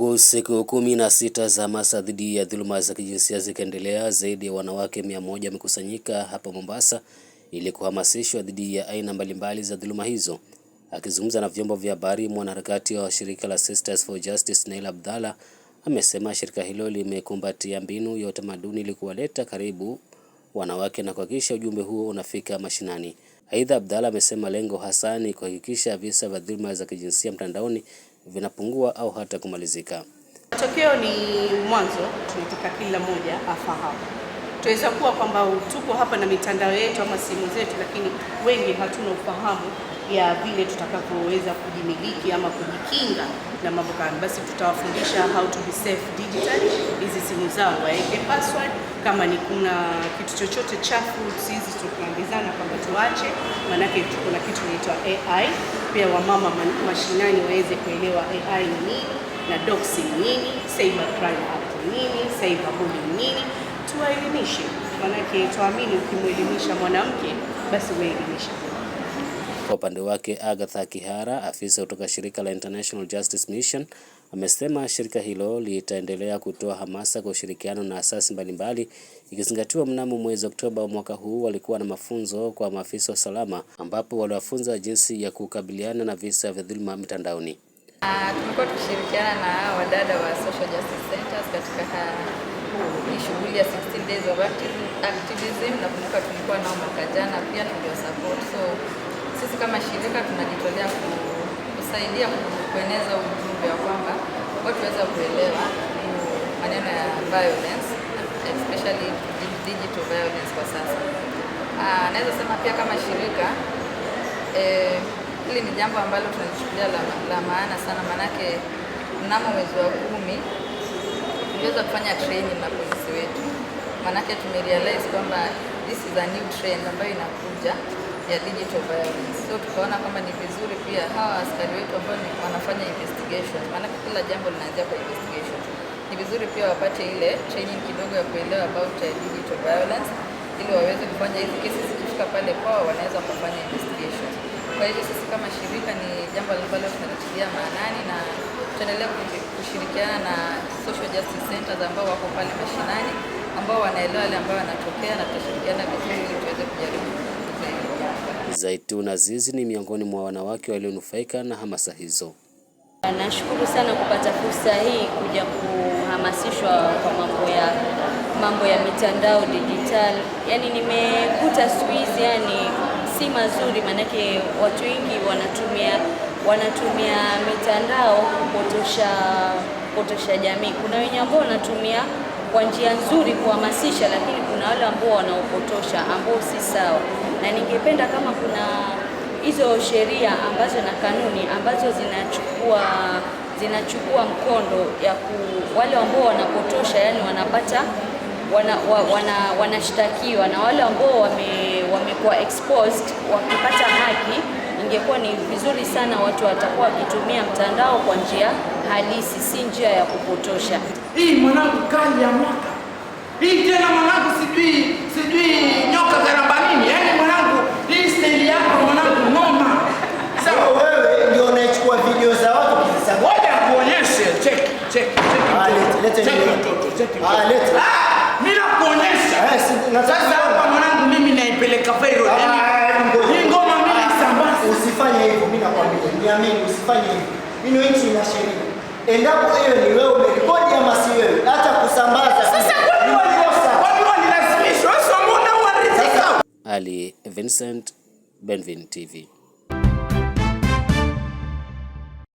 Huku siku kumi na sita za hamasa dhidi ya dhuluma za kijinsia zikiendelea, zaidi ya wanawake mia moja wamekusanyika hapa Mombasa ili kuhamasishwa dhidi ya aina mbalimbali za dhuluma hizo. Akizungumza na vyombo vya habari, mwanaharakati wa shirika la Sisters for Justice Nail Abdalla amesema shirika hilo limekumbatia mbinu ya utamaduni ili kuwaleta karibu wanawake na kuhakikisha ujumbe huo unafika mashinani. Aidha, Abdalla amesema lengo hasa ni kuhakikisha visa vya dhuluma za kijinsia mtandaoni vinapungua au hata kumalizika. Matokeo ni mwanzo, tunataka kila mmoja afahamu. Tunaweza kuwa kwamba tuko hapa na mitandao yetu ama simu zetu, lakini wengi hatuna ufahamu ya vile tutakavyoweza kujimiliki ama kujikinga na mambo kama. Basi tutawafundisha how to be safe digitally. Hizi simu zao waeke password, kama ni kuna kitu chochote chafu, sisi kwa tusiwache, maanake kuna kitu inaitwa AI. Pia wamama mashinani waweze kuelewa AI ni nini na docs ni nini, cyber crime act ni nini, cyber bullying ni nini, tuwaelimishe, maanake tuamini ukimwelimisha mwanamke basi umeelimisha kwa upande wake, Agatha Kihara, afisa kutoka shirika la International Justice Mission, amesema shirika hilo litaendelea kutoa hamasa kwa ushirikiano na asasi mbalimbali, ikizingatiwa mnamo mwezi Oktoba mwaka huu walikuwa na mafunzo kwa maafisa wa usalama, ambapo waliwafunza jinsi ya kukabiliana na visa vya dhuluma mtandaoni. Uh, ah, tumekuwa tukishirikiana na wadada wa social justice centers katika hii shughuli ya 16 days of activism. na kumbuka tulikuwa nao mwaka jana pia tuliwasupport so sisi kama shirika tunajitolea kusaidia kueneza ujumbe wa kwamba watu waweza kuelewa maneno ya violence especially digital violence kwa sasa. Ah, naweza sema pia kama shirika eh, hili ni jambo ambalo tunalichukulia la, la maana sana, maanake mnamo mwezi wa kumi tuliweza kufanya training na polisi wetu, maanake tumerealize kwamba this is a new trend ambayo inakuja ya digital violence. So tukaona kwamba ni vizuri pia hawa askari wetu ambao wanafanya investigation, maanake kila jambo linaanzia kwa investigation, ni vizuri pia wapate ile training kidogo ya kuelewa about digital violence ili waweze kufanya hizi kesi zikifika pale kwao, wanaweza kufanya investigation. Kwa hivyo sisi kama shirika ni jambo ambalo tunatilia maanani na tunaendelea kushirikiana na social justice centers ambao wako pale mashinani, ambao wanaelewa yale ambayo wanatokea, na tutashirikiana vizuri ili tuweze kujaribu Zaituna Azizi ni miongoni mwa wanawake walionufaika na hamasa hizo. Nashukuru sana kupata fursa hii kuja kuhamasishwa kwa mambo ya mambo ya mitandao dijitali. Yani nimekuta siku hizi yani si mazuri, maanake watu wengi wanatumia wanatumia mitandao kupotosha potosha jamii. Kuna wenye ambao wanatumia kwa njia nzuri kuhamasisha, lakini kuna wale ambao wanaopotosha ambao si sawa, na ningependa kama kuna hizo sheria ambazo na kanuni ambazo zinachukua zinachukua mkondo ya ku, wale ambao wanapotosha, yani wanapata wana, wana, wanashtakiwa na wale ambao wame, wamekuwa exposed wakipata haki. Ingekuwa ni vizuri sana watu watakuwa wakitumia mtandao kwa njia halisi, si njia ya kupotosha hii mwanangu, kali ya mwaka hii tena mwanangu, sijui sijui nyoka nini yaani mwanangu, hii steli yako mwanangu, noma. Sasa wewe ndio unaichukua video za watu kisa, ngoja kuonyeshe. check check check ah let Cheki cheki cheki, lete lete, mimi na kuonyesha eh, Sasa hapa mwanangu, mimi naipeleka viral, ah, yaani hii ngoma mimi ah, sambaza. Usifanye hivyo, mimi nakwambia, niamini, usifanye hivyo. mimi nchi ina sheria endapo iwe ni wewe umerekodi ama si wewe, hata kusambaza sasa. Ali Vincent, Benvin TV.